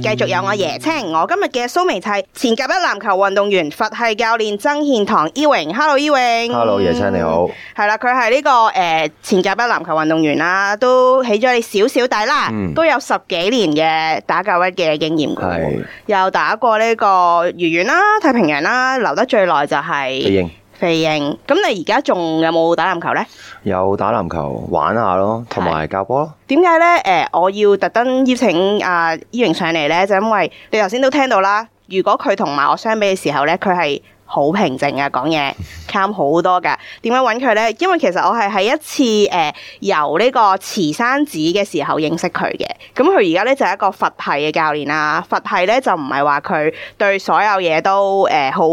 繼、嗯、續有我椰青，我今日嘅蘇眉妻前甲一籃球運動員、佛系教練曾憲鏜 Ewing、e、，Hello 伊、e、榮，Hello 椰青，你好，係啦，佢係呢個誒、呃、前甲一籃球運動員啦，都起咗你少少底啦，嗯、都有十幾年嘅打甲一嘅經驗嘅，的又打過呢個魚丸啦、啊、太平洋啦、啊，留得最耐就係、是。Ewing，咁你而家仲有冇打籃球呢？有打籃球玩下咯，同埋教波囉。點解呢？誒、呃，我要特登邀請阿 Ewing 上嚟呢，就是、因為你頭先都聽到啦。如果佢同埋我相比嘅時候呢，佢係好平靜嘅講嘢 calm 好多噶。點解揾佢呢？因為其實我係喺一次誒、呃、由呢個慈山寺嘅時候認識佢嘅。咁佢而家呢，就係一個佛系嘅教練啦、啊。佛系呢，就唔係話佢對所有嘢都誒、呃、好。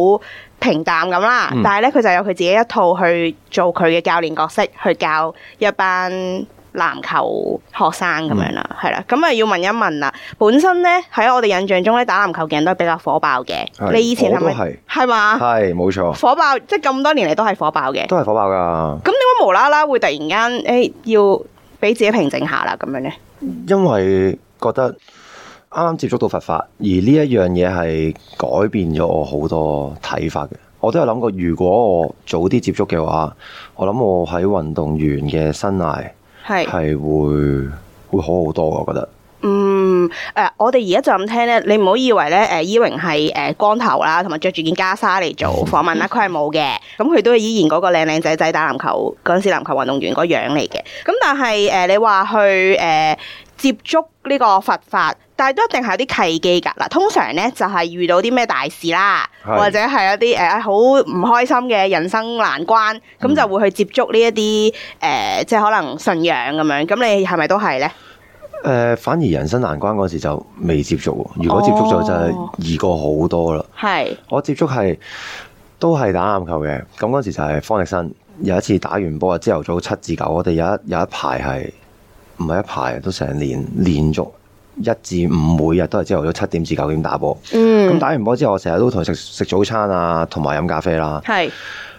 平淡咁啦，但係咧佢就有佢自己一套去做佢嘅教練角色，去教一班籃球學生咁樣啦，係啦、嗯，咁啊要問一問啦。本身咧喺我哋印象中咧打籃球嘅人都係比較火爆嘅，是你以前係咪係嘛？係冇嗎錯，火爆即係咁多年嚟都係火爆嘅，都係火爆噶。咁點解無啦啦會突然間誒、哎、要俾自己平靜下啦咁樣咧？因為覺得。啱啱接觸到佛法，而呢一樣嘢係改變咗我好多睇法嘅。我都有諗過，如果我早啲接觸嘅話，我諗我喺運動員嘅生涯係係會是會好好多嘅。我覺得，嗯，誒、呃，我哋而家就咁聽咧，你唔好以為咧，誒、呃，Ewing 係誒光頭啦，同埋着住件袈裟嚟做訪問啦，佢係冇嘅。咁佢都依然嗰個靚靚仔仔打籃球嗰陣時，籃球運動員個樣嚟嘅。咁但係，誒、呃，你話去，誒、呃。呃呃呃呃接觸呢個佛法，但係都一定係有啲契機㗎嗱。通常呢，就係、是、遇到啲咩大事啦，是或者係一啲誒好唔開心嘅人生難關，咁、嗯、就會去接觸呢一啲誒，即係可能信仰咁樣。咁你係咪都係呢？誒、呃，反而人生難關嗰時就未接觸。如果接觸咗就易過好多啦。係、哦，我接觸係都係打籃球嘅。咁嗰時就係方力申有一次打完波啊，朝頭早，上早上七至九，我哋有一有一排係。唔係一排，都成年連續一至五每日都係朝頭早七點至九點打波。嗯，咁打完波之後，我成日都同佢食食早餐啊，同埋飲咖啡啦。係是。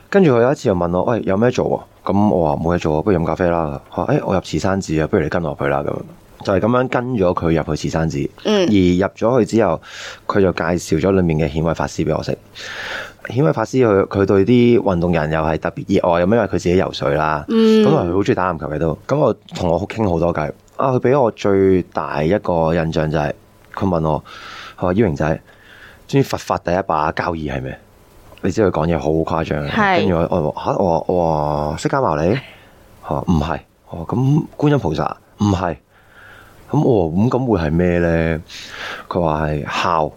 跟住佢有一次又問我：喂，有咩做啊？咁我話冇嘢做啊，不如飲咖啡啦。佢話：誒、欸，我入慈山寺啊，不如你跟落去啦。咁樣。就係咁樣跟咗佢入去慈山寺，嗯、而入咗去之後，佢就介紹咗裏面嘅顯慧法師俾我識。顯慧法師佢佢對啲運動人又係特別熱愛，因為佢自己游水啦，咁啊佢好中意打籃球嘅都。咁我同我傾好多偈。啊，佢俾我最大一個印象就係、是、佢問我，佢話：，Ewing 仔，尊佛法第一把交椅係咩？你知佢講嘢好誇張，跟住我我話吓，我我話釋迦牟尼吓，唔係，我話咁觀音菩薩唔係。咁我咁會係咩呢？佢話係孝，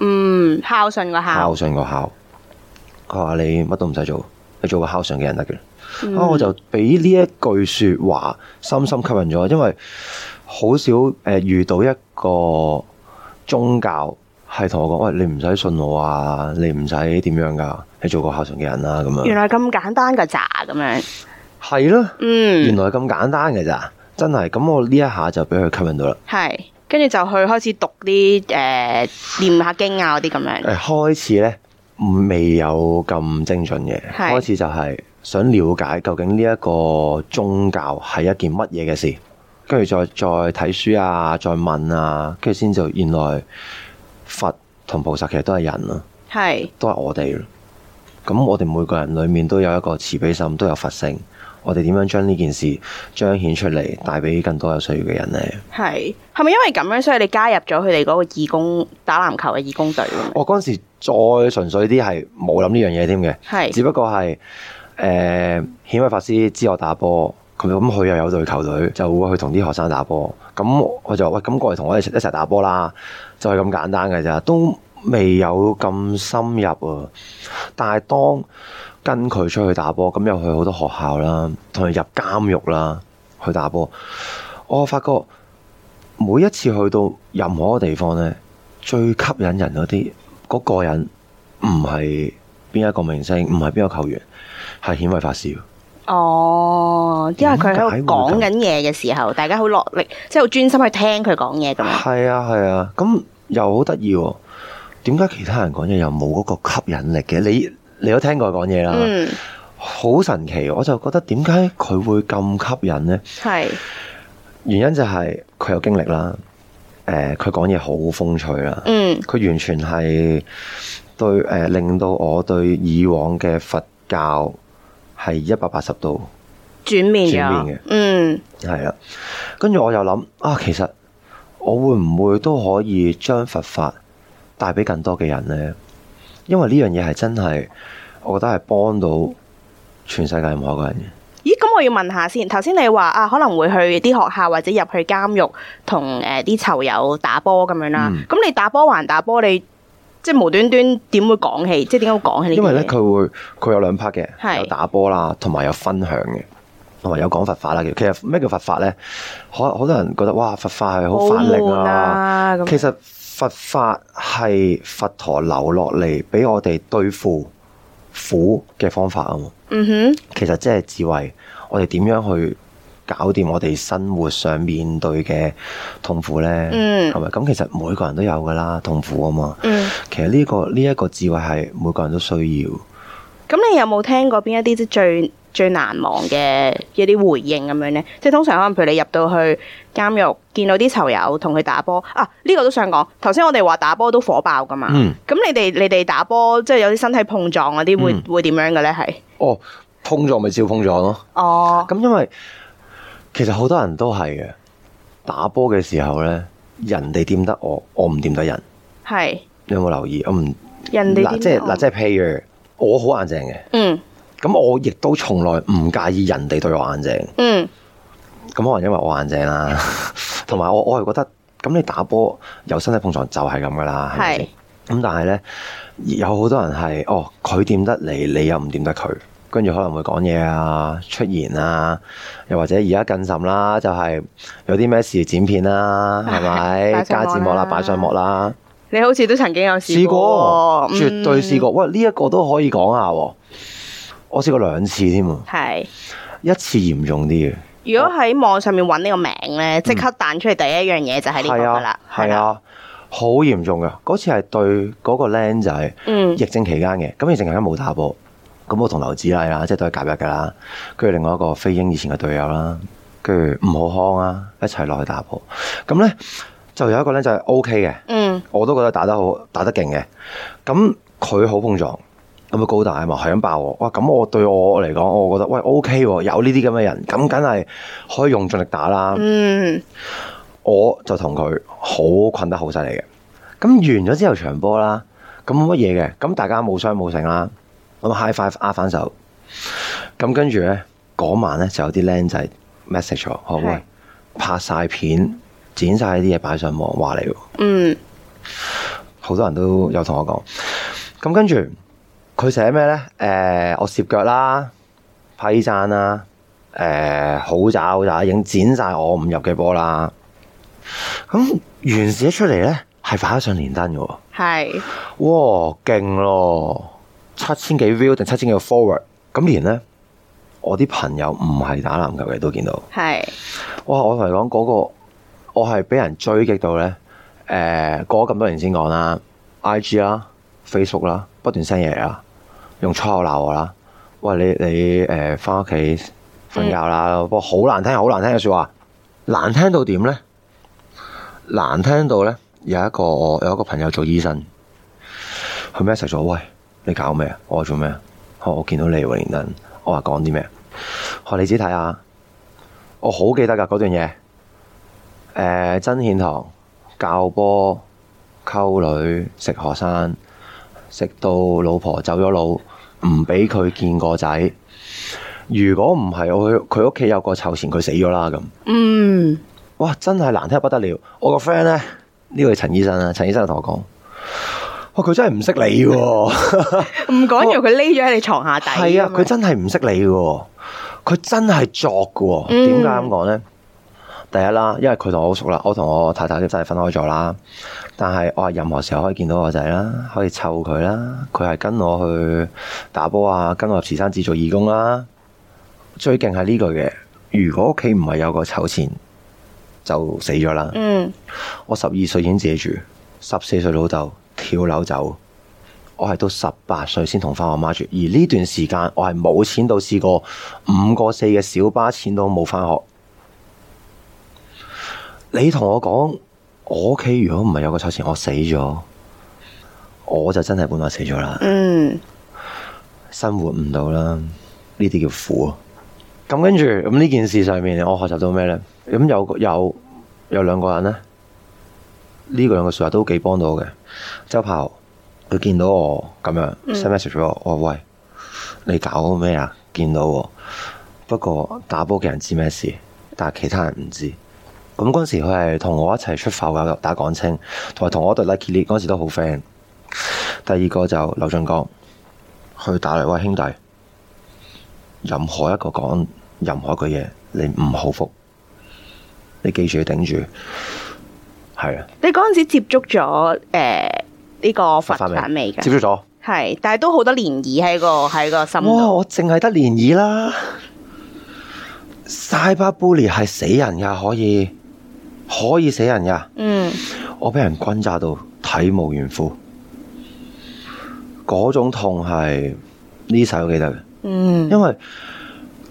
嗯，孝順個孝，孝順個孝。佢話你乜都唔使做，你做個孝順嘅人得嘅啦，嗯、啊，我就俾呢一句說話深深吸引咗，因為好少誒遇到一個宗教係同我講，喂，你唔使信我啊，你唔使點樣噶，啊，你做個孝順嘅人啦，啊，咁、嗯、樣、啊。原來咁簡單㗎咋咁樣？係咯，嗯，原來咁簡單㗎咋？真係，咁我呢一下就俾佢吸引到啦。係，跟住就去開始讀啲誒、呃、念下經啊嗰啲咁樣。誒、呃，開始呢，未有咁精準嘅，是開始就係想了解究竟呢一個宗教係一件乜嘢嘅事，跟住再再睇書啊，再問啊，跟住先就原來佛同菩薩其實都係人咯、啊，係是，都係我哋咯。咁我哋每個人裏面都有一個慈悲心，都有佛性。我哋點樣將呢件事彰顯出嚟，帶俾更多有需要嘅人呢？係係咪因為咁樣，所以你加入咗佢哋嗰個義工打籃球嘅義工隊？我嗰陣時再純粹啲，係冇諗呢樣嘢添嘅。係只不過係誒、顯、呃、威法師知我打波，咁佢又有隊球隊，就會去同啲學生打波。咁我就喂，咁過嚟同我哋一齊打波啦，就係、是、咁簡單嘅咋。」都。未有咁深入啊！但係當跟佢出去打波，咁又去好多學校啦，同佢入監獄啦，去打波，我發覺每一次去到任何一個地方呢，最吸引人嗰啲嗰個人，唔係邊一個明星，唔係邊個球員，係顯微法師。哦，因為佢喺講緊嘢嘅時候，大家好落力，即係好專心去聽佢講嘢咁。係啊，係啊，咁又好得意喎！點解其他人講嘢又冇嗰個吸引力嘅？你你有聽過佢講嘢啦，好、嗯、神奇，我就覺得點解佢會咁吸引呢？係是原因就係佢有經歷啦，佢講嘢好風趣啦，佢、嗯、完全係對、呃、令到我對以往嘅佛教係一百八十度轉面嘅，嗯，係啦。跟住我又諗啊，其實我會唔會都可以將佛法？帶俾更多嘅人咧，因為呢樣嘢係真係，我覺得係幫到全世界任何一個人嘅。咦？咁我要問下先，頭先你話啊，可能會去啲學校或者入去監獄，同誒啲囚友打波咁樣啦，啊。咁、嗯、你打波還打波，你即係無端端點會講起？即係點解會講起呢？因為咧，佢會佢有兩 part 嘅，是有打波啦，同埋有，有分享嘅，同埋有講佛法啦。其實咩叫佛法咧？好，好多人覺得哇，佛法係好法力啊，啊。其實。佛法係佛陀留落嚟俾我哋對付苦嘅方法啊！嗯哼、mm，hmm. 其實即係智慧，我哋點樣去搞掂我哋生活上面對嘅痛苦呢？嗯、mm，係、hmm. 咪？咁其實每個人都有㗎啦，痛苦啊嘛。嗯、mm，hmm. 其實呢、呢個呢一、呢個智慧係每個人都需要。咁你有冇聽過邊一啲即最？最難忘嘅一啲回應咁樣呢，即係通常可能譬如你入到去監獄，見到啲囚友同佢打波啊，呢、呢個都想講。頭先我哋話打波都火爆噶嘛，咁、嗯、你哋你哋打波即係有啲身體碰撞嗰啲會、嗯、會點樣嘅呢？係哦，碰撞咪照碰撞咯。哦，咁因為其實好多人都係嘅，打波嘅時候呢，人哋掂得我，我唔掂得人。係是 你有冇留意？我唔人哋即係嗱，即係譬如我好硬淨嘅。嗯。咁我亦都從來唔介意人哋對我硬淨。嗯，咁可能因為我硬淨啦，同 埋我我係覺得，咁你打波有身體碰撞就係咁噶啦，係是，咁但係咧，有好多人係哦，佢掂得你，你又唔掂得佢，跟住可能會講嘢啊，出言啊，又或者而家更甚啦，就係、是、有啲咩事剪片啦、啊，係咪是加字幕啦，擺上幕啦？你好似都曾經有試過，過，絕對試過，嗯、喂，呢、這、一個都可以講下喎。我試過兩次添啊！係是一次嚴重啲嘅。如果喺網上面揾呢個名呢，即刻彈出嚟第一樣嘢就係呢個噶啦，係啊，好嚴、啊啊、重噶。嗰次係對嗰個靚仔，疫症期間嘅，咁疫成期疫症期間都冇打波。咁我同劉子麗啦，即係都甲一嘅啦，跟住另外一個飛鷹以前嘅隊友啦，跟住吳浩康啊，一齊落去打波。咁呢，就有一個呢、OK，就係 O K 嘅，嗯，我都覺得打得好打得勁嘅。咁佢好碰撞。咁啊高大啊嘛，係咁爆喎！哇，咁我對我嚟講，我覺得喂 OK，有呢啲咁嘅人，咁梗係可以用盡力打啦。嗯，我就同佢好困得好犀利嘅。咁完咗之後場波啦，咁乜嘢嘅，咁大家冇傷冇性啦。咁 Hi Five 返手咁跟住咧，嗰晚咧就有啲僆仔 message 我，喂是拍晒片剪晒啲嘢擺上網話你。嗯，好多人都有同我講，咁跟住。佢寫咩咧？誒、呃，我攝腳啦，批讚啦，誒、呃，好渣好渣，已經剪晒我唔入嘅波啦。咁、嗯、原寫出嚟咧，係發得上連登嘅。係是。哇，勁咯！七千幾 view 定七千幾個 forward。咁連咧，我啲朋友唔係打籃球嘅都見到。係是。哇，我同你講嗰、那個，我係俾人追擊到咧。誒、呃，過咗咁多年先講啦，IG 啦，Facebook 啦，啊 Facebook 啊、不斷新嘢嚟啦。用粗口鬧我啦！喂，你你誒，翻屋企瞓覺啦！不過好難聽，好難聽嘅說話，難聽到點呢？難聽到呢，有一個有一個朋友做醫生，佢 message 咗：喂，你搞咩？我做咩？我見到你，連登，我話講啲咩？話你自己睇下，我好記得噶嗰段嘢。誒、呃，曾憲鏜教波、溝女、食學生，食到老婆走咗佬。唔俾佢見個仔，如果唔係，我佢屋企有個臭錢，佢死咗啦咁。嗯，哇，真係難聽不得了。我個 friend 咧，呢位陳醫生啦、啊，陳醫生同我講，哇，佢真係唔識你，唔講完佢匿咗喺你床下底。係啊，佢真係唔識你嘅，佢真係作嘅、啊。點解咁講咧？第一啦，因為佢同我好熟啦，我同我太太真係分開咗啦，但係我任何時候可以見到我仔啦，可以湊佢啦，佢係跟我去打波啊，跟我入慈山寺做義工啦。最勁係呢句嘅，如果屋企唔係有個丑錢，就死咗啦。嗯，我十二歲已經自己住，十四歲老豆跳樓走，我係到十八歲先同翻我媽住，而呢段時間我係冇錢到試過五個四嘅小巴錢都冇返學。你同我講，我屋企如果唔係有個彩錢，我死咗，我就真係半路死咗啦。嗯，生活唔到啦，呢啲叫苦。咁跟住咁呢件事上面，我學習到咩呢？咁有有有兩個人呢，呢、呢個兩個說話都幾幫到我嘅。周炮，佢見到我咁樣 send message 俾我，我話喂，你搞咩啊？見到我，不過打波嘅人知咩事，但係其他人唔知。.咁嗰陣時，佢係同我一齊出發嘅打港青，同埋同我對 lucky 嗰陣時都好 friend。第二個就劉俊江，佢打嚟，喂，兄弟，任何一個講任何一句嘢，你唔好覆，你記住，你頂住，係啊！你嗰陣時接觸咗誒呢個佛法未嘅？接觸咗係，但係都好多漣漪喺個喺個心哇、哦！我淨係得漣漪啦，cyberbullying 係死人噶，可以。可以死人噶，嗯、我俾人轟炸到體無完膚，嗰種痛係呢首我記得嘅，嗯、因為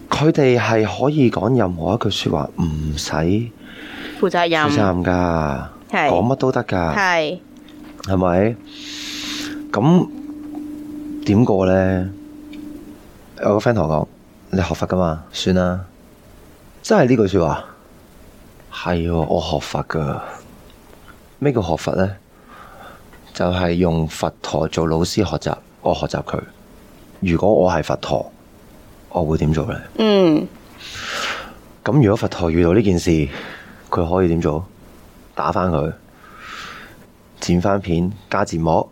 佢哋係可以講任何一句說話，唔使負責任、負責任噶，講乜是都得噶，係係咪？咁點過呢？有個 friend 同我講：你學佛噶嘛？算啦，真係呢句說話。係我學佛噶，咩叫學佛呢？就係用佛陀做老師學習，我學習佢。如果我係佛陀，我會點做呢？嗯。咁如果佛陀遇到呢件事，佢可以點做？打返佢，剪返片，加字幕。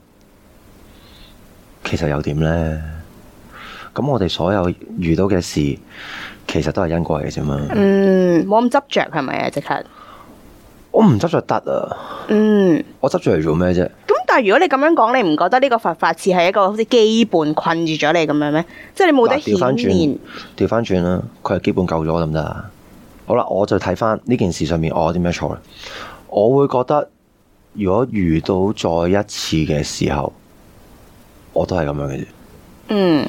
其實又點呢？咁我哋所有遇到嘅事。其實都係因果嚟嘅啫嘛，嗯，冇咁執着係咪啊？即刻，我唔執着得啊，嗯，我執着嚟做咩啫？咁但係如果你咁樣講，你唔覺得呢個佛法似係一個好似基本困住咗你咁樣咩？即係你冇得調翻轉，調翻轉啦，佢係基本夠咗得唔得啊？好啦，我就睇翻呢件事上面，我有啲咩錯咧？我會覺得，如果遇到再一次嘅時候，我都係咁樣嘅啫，嗯，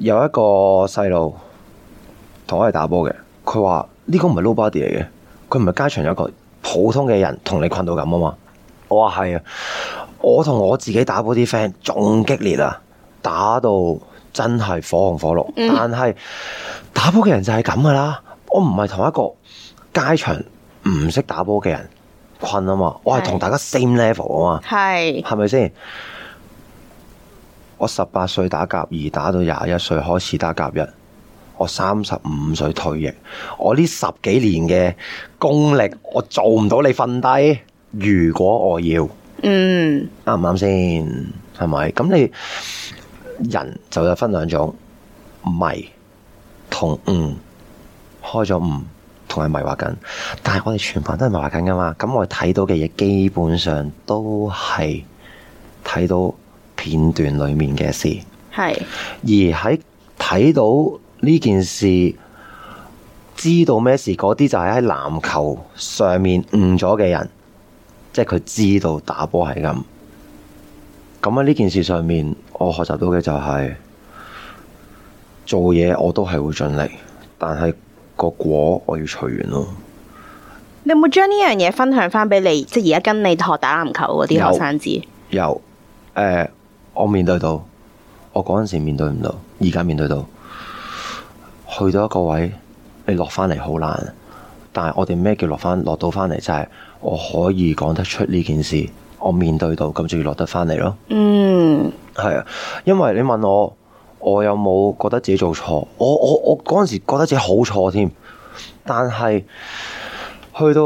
有一個細路。同我係打波嘅，佢話呢個唔係 nobody 嚟嘅，佢唔係街場有一個普通嘅人同你困到咁啊嘛。我話係啊,我同我自己打波啲 friend 仲激烈啊，打到真係火紅火綠。嗯、但係打波嘅人就係咁噶啦，我唔係同一個街場唔識打波嘅人困啊嘛，我係同大家 same level 啊嘛，係係咪先？吧是我十八歲打甲二，打到廿一歲開始打甲一。我三十五歲退役，我呢十幾年嘅功力，我做唔到你瞓低。如果我要，嗯，啱唔啱先？係咪咁？你人就有分兩種迷，迷同悟，開咗悟、嗯、同係迷惑緊。但係我哋全部都係迷惑緊噶嘛？咁我睇到嘅嘢基本上都係睇到片段裏面嘅事，係是而喺睇到。呢件事知道咩事？嗰啲就係喺籃球上面誤咗嘅人，即係佢知道打波係咁。咁喺呢件事上面，我學習到嘅就係、是、做嘢我都係會盡力，但係個果我要隨緣咯。你有冇將呢樣嘢分享翻俾你？即係而家跟你學打籃球嗰啲學生仔？有，誒、呃，我面對到，我嗰陣時面對唔到，而家面對到。去到一個位，你落返嚟好難。但係我哋咩叫落返？落到返嚟、就係？就係我可以講得出呢件事，我面對到，咁就要落得返嚟咯。嗯，係啊。因為你問我，我有冇覺得自己做錯？我我我嗰陣時覺得自己好錯添。但係去到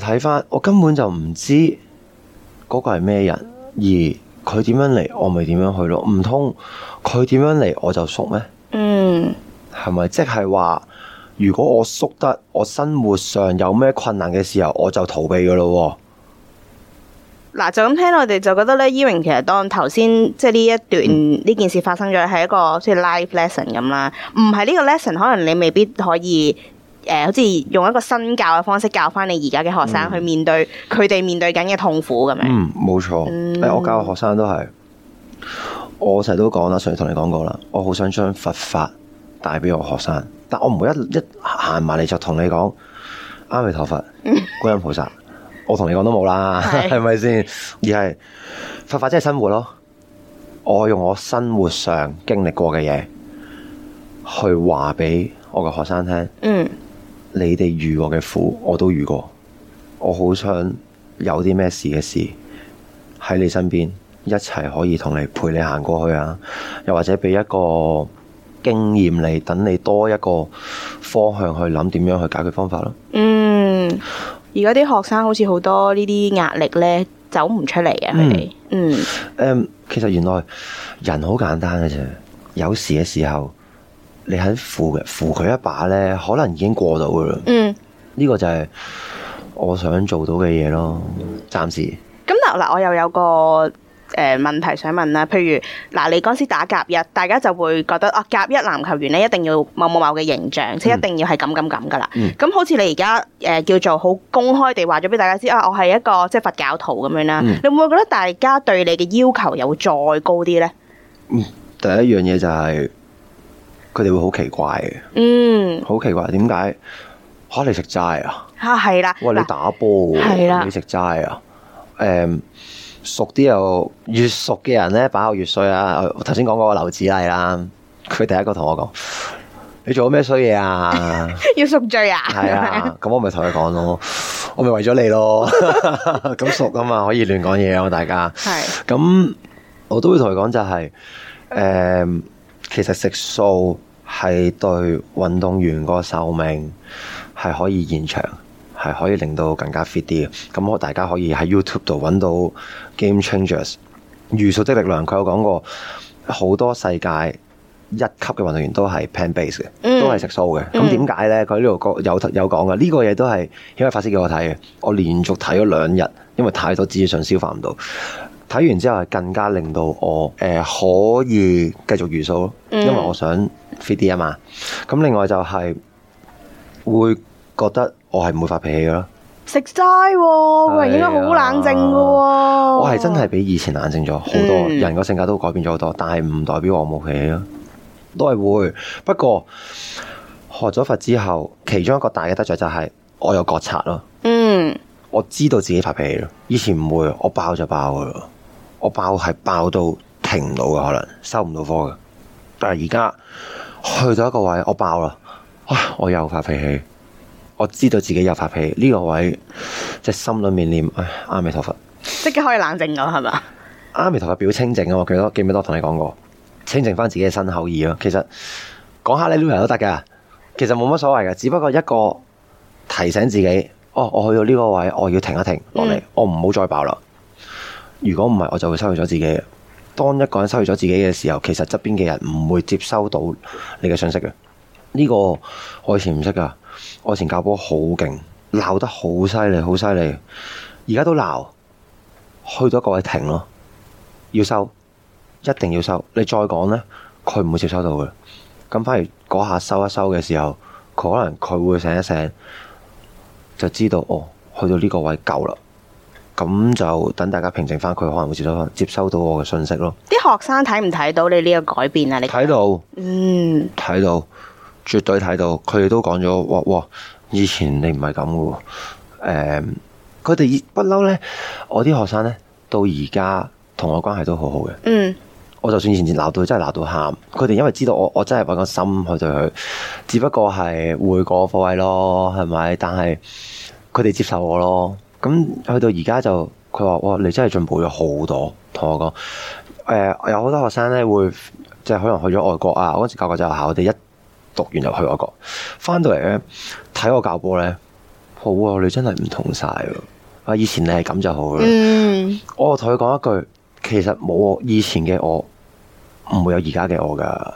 再睇翻，我根本就唔知嗰個係咩人，而佢點樣嚟，我咪點樣去咯。唔通佢點樣嚟，我就熟咩？嗯。係咪即係話？如果我縮得，我生活上有咩困難嘅時候，我就逃避噶咯。嗱、啊，就咁聽我哋就覺得咧，Ewing 其實當頭先即係呢一段呢、嗯、件事發生咗，係一個即係 life lesson 咁啦。唔係呢個 lesson，可能你未必可以誒、呃，好似用一個新教嘅方式教翻你而家嘅學生去面對佢哋面對緊嘅痛苦咁樣。嗯，冇錯、嗯嗯哎，我教嘅學生都係我成日都講啦，上次同你講過啦，我好想將佛法。帶俾我學生，但我唔會一一行埋嚟就同你講阿彌陀佛、觀音菩薩， 我同你講都冇啦，係咪先？而係佛法即係生活咯，我用我生活上經歷過嘅嘢去話俾我嘅學生聽。嗯，你哋遇過嘅苦，我都遇過。我好想有啲咩事嘅事喺你身邊，一齊可以同你陪你行過去啊！又或者俾一個。經驗嚟，等你多一個方向去諗點樣去解決方法咯。嗯，而家啲學生好似好多壓呢啲壓力咧走唔出嚟啊，佢哋，嗯。誒、嗯嗯，其實原來人好簡單嘅啫，有時嘅時候你喺扶扶佢一把咧，可能已經過到噶啦。嗯，呢個就係我想做到嘅嘢咯，暫時。咁但嗱，我又有個。誒，問題想問啦，譬如嗱，你嗰時打甲一，大家就會覺得哦，甲一籃球員咧，一定要某某某嘅形象，即係一定要係咁咁咁噶啦。咁好似你而家誒，叫做好公開地話咗俾大家知啊，我係一個即係佛教徒咁樣啦。你會唔會覺得大家對你嘅要求有再高啲呢？嗯，第一樣嘢就係佢哋會好奇怪嘅。嗯，好奇怪，點解吓，你食齋啊？吓係啦，喂，你打波係啦，你食齋啊？誒。熟啲又越熟嘅人咧，把口越衰啊！我頭先講嗰個劉子麗啦，佢第一個同我講：你做咗咩衰嘢啊？ 要贖罪啊？係啊！咁 我咪同佢講咯，我咪為咗你咯。咁 熟噶嘛，可以亂講嘢啊！大家係咁是，我都會同佢講就係、是，誒、嗯，其實食素係對運動員個壽命係可以延長。係可以令到更加 fit 啲嘅，咁、嗯、我、嗯、大家可以喺 YouTube 度揾到 Game Changers，茹素的力量佢有講過好多世界一級嘅運動員都係 plant base 嘅，都係食素嘅。咁點解呢？佢呢度有有講嘅呢個嘢都係因為法師叫我睇嘅。我連續睇咗兩日，因為太多資訊消化唔到。睇完之後係更加令到我誒、呃、可以繼續茹素咯，因為我想 fit 啲啊嘛。咁另外就係會覺得。我係唔會發脾氣嘅咯，食齋、啊啊哎，我係應該好冷靜嘅。我係真係比以前冷靜咗好多，嗯、人個性格都改變咗好多，但係唔代表我冇脾氣咯，都係會。不過學咗佛之後，其中一個大嘅得着就係我有覺察咯。嗯，我知道自己發脾氣咯，以前唔會，我爆就爆噶咯，我爆係爆到停唔到嘅可能，收唔到科嘅。但係而家去到一個位，我爆啦，哇，我又發脾氣。我知道自己有發脾氣，呢、這個位即係心裏面念唉阿彌陀佛，即刻可以冷靜咁，係咪啊？阿彌陀佛表清淨啊！我記得記唔記得我同你講過，清淨翻自己嘅心口意啊。其實講下你戀人都得噶，其實冇乜所謂噶，只不過一個提醒自己，哦，我去到呢個位，我要停一停落嚟，嗯、我唔好再爆啦。如果唔係，我就會失去咗自己。當一個人失去咗自己嘅時候，其實側邊嘅人唔會接收到你嘅信息嘅，呢、這個我以前唔識噶。我以前教波好勁，鬧得好犀利，好犀利。而家都鬧，去到個位停咯，要收，一定要收。你再講呢，佢唔會接收到嘅。咁反而嗰下收一收嘅時候，可能佢會醒一醒，就知道哦，去到呢個位夠啦。咁就等大家平靜翻，佢可能會接收到我嘅信息咯。啲學生睇唔睇到你呢個改變啊？你睇到，嗯，睇到。絕對睇到，佢哋都講咗，哇哇，以前你唔係咁嘅喎。誒，佢哋不嬲咧，我啲學生咧到而家同我關係都好好嘅。嗯，我，嗯，我就算以前鬧到真係鬧到喊，佢哋因為知道我，我真係揾個心去對佢，只不過係換個方位咯，係咪？但係佢哋接受我咯。咁去到而家就佢話，哇，你真係進步咗好多，同我講。誒、呃，有好多學生咧會即係可能去咗外國啊。我嗰時教過就係考啲一。讀完就去嗰個，翻到嚟咧睇我教波咧，好啊，你真係唔同晒，啊以前你係咁就好啦。嗯、我同佢講一句，其實冇我以前嘅我，唔會有而家嘅我噶，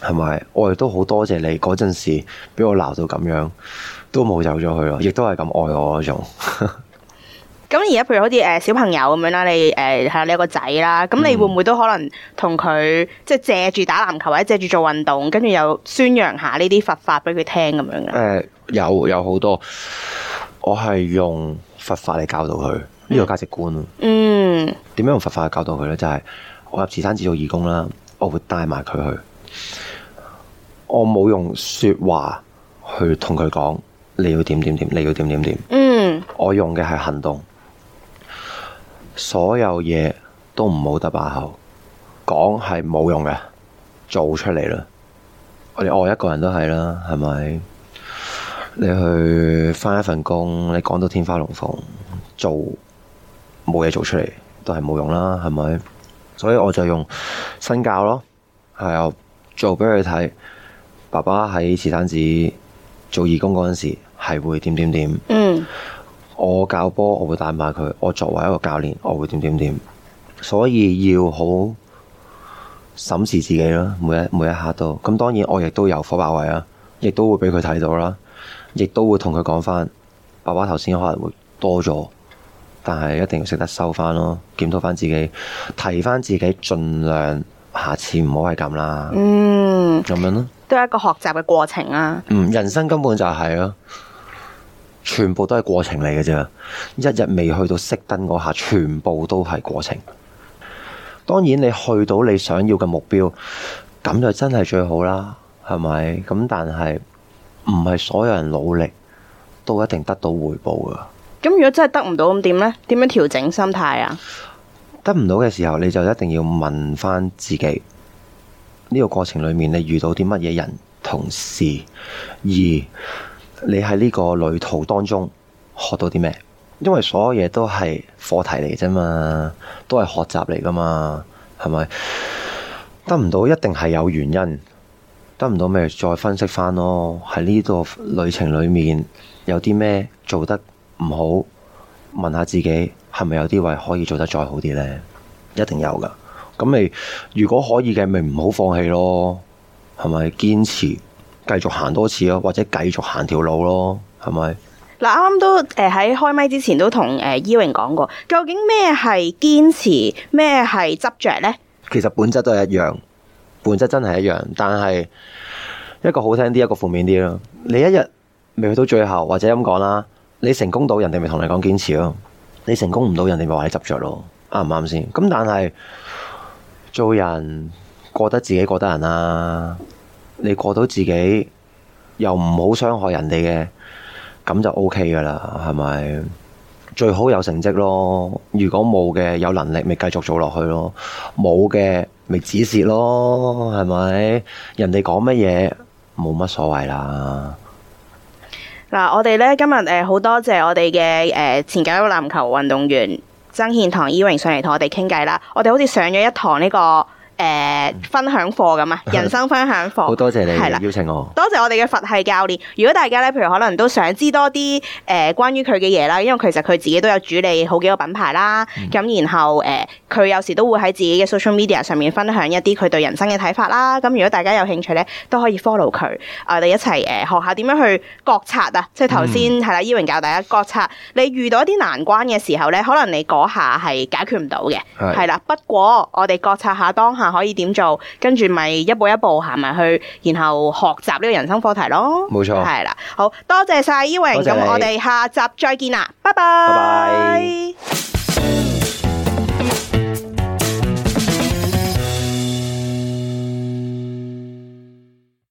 係咪？我亦都好多謝你嗰陣時，俾我鬧到咁樣，都冇走咗去咯，亦都係咁愛我嗰種。呵呵咁而家譬如好似誒小朋友咁樣啦，你誒吓你有一個仔啦，咁你會唔會都可能同佢即係借住打籃球或者借住做運動，跟住又宣揚下呢啲佛法俾佢聽咁樣嘅？誒、呃，有有好多，我係用佛法嚟教導佢呢、這個價值觀。嗯，點樣用佛法去教導佢咧？就係、是、我入慈山寺做義工啦，我會帶埋佢去。我冇用說話去同佢講你要點點點，你要點點點。怎樣怎樣。嗯，我用嘅係行動。所有嘢都唔好得把口，講係冇用嘅，做出嚟啦。我哋愛一個人都係啦，係咪？你去翻一份工，你講到天花龍鳳，做冇嘢做出嚟，都係冇用啦，係咪？所以我就用身教咯，係啊，做俾佢睇。爸爸喺慈山寺做義工嗰陣時，係會點點點。嗯。我教波，我會帶埋佢。我作為一個教練，我會點點點。所以要好審視自己啦，每一每一刻都。咁當然我亦都有火爆位啦、啊，亦都會俾佢睇到啦，亦都會同佢講翻。爸爸頭先可能會多咗，但係一定要識得收翻咯，檢討翻自己，提翻自己，盡量下次唔好係咁啦。嗯，咁樣咯，都係一個學習嘅過程啊。嗯，人生根本就係咯。全部都係過程嚟嘅啫，一日未去到熄燈嗰下，全部都係過程。當然你去到你想要嘅目標，咁就真係最好啦，係咪？咁但係唔係所有人努力都一定得到回報噶。咁如果真係得唔到咁點呢？點樣調整心態啊？得唔到嘅時候，你就一定要問翻自己，呢個過程裏面你遇到啲乜嘢人、同事、二。你喺呢個旅途當中學到啲咩？因為所有嘢都係課題嚟啫嘛，都係學習嚟噶嘛，係咪？得唔到一定係有原因，得唔到咪再分析返咯。喺呢個旅程裏面有啲咩做得唔好，問下自己係咪有啲位可以做得再好啲呢？一定有噶。咁咪如果可以嘅咪唔好放棄咯，係咪？堅持。繼續行多次咯，或者繼續行條路咯，係咪？嗱，啱啱都誒喺開麥之前都同誒、呃、Ewing 講過，究竟咩係堅持，咩係執着呢？其實本質都係一樣，本質真係一樣，但係一個好聽啲，一個負面啲咯。你一日未去到最後，或者咁講啦，你成功到人哋咪同你講堅持咯，你成功唔到人哋咪話你執着咯，啱唔啱先？咁但係做人過得自己過得人啦、啊。你過到自己，又唔好傷害人哋嘅，咁就 O K 噶啦，係咪？最好有成績咯。如果冇嘅，有能力咪繼續做落去咯。冇嘅，咪止蝕咯，係咪？人哋講乜嘢，冇乜所謂啦。嗱、啊，我哋咧今日誒好多謝我哋嘅誒前甲一個籃球運動員曾憲鏜伊榮上嚟同我哋傾偈啦。我哋好似上咗一堂呢、這個。誒、呃、分享課咁啊，人生分享課。好 多謝你係啦，邀請我。多謝我哋嘅佛系教練。如果大家咧，譬如可能都想知多啲誒、呃、關於佢嘅嘢啦，因為其實佢自己都有主理好幾個品牌啦。咁、嗯、然後誒，佢、呃、有時都會喺自己嘅 social media 上面分享一啲佢對人生嘅睇法啦。咁如果大家有興趣咧，都可以 follow 佢、啊。我哋一齊誒、呃、學下點樣去覺察啊！即係頭先係啦，Ewing 教大家覺察。你遇到一啲難關嘅時候咧，可能你嗰下係解決唔到嘅，係啦的。不過我哋覺察下當下。可以點做？跟住咪一步一步行埋去，然後學習呢個人生課題咯。冇錯，係啦，好多謝晒 Ewing，咁、e、我哋下集再見啦，拜拜。Bye bye bye bye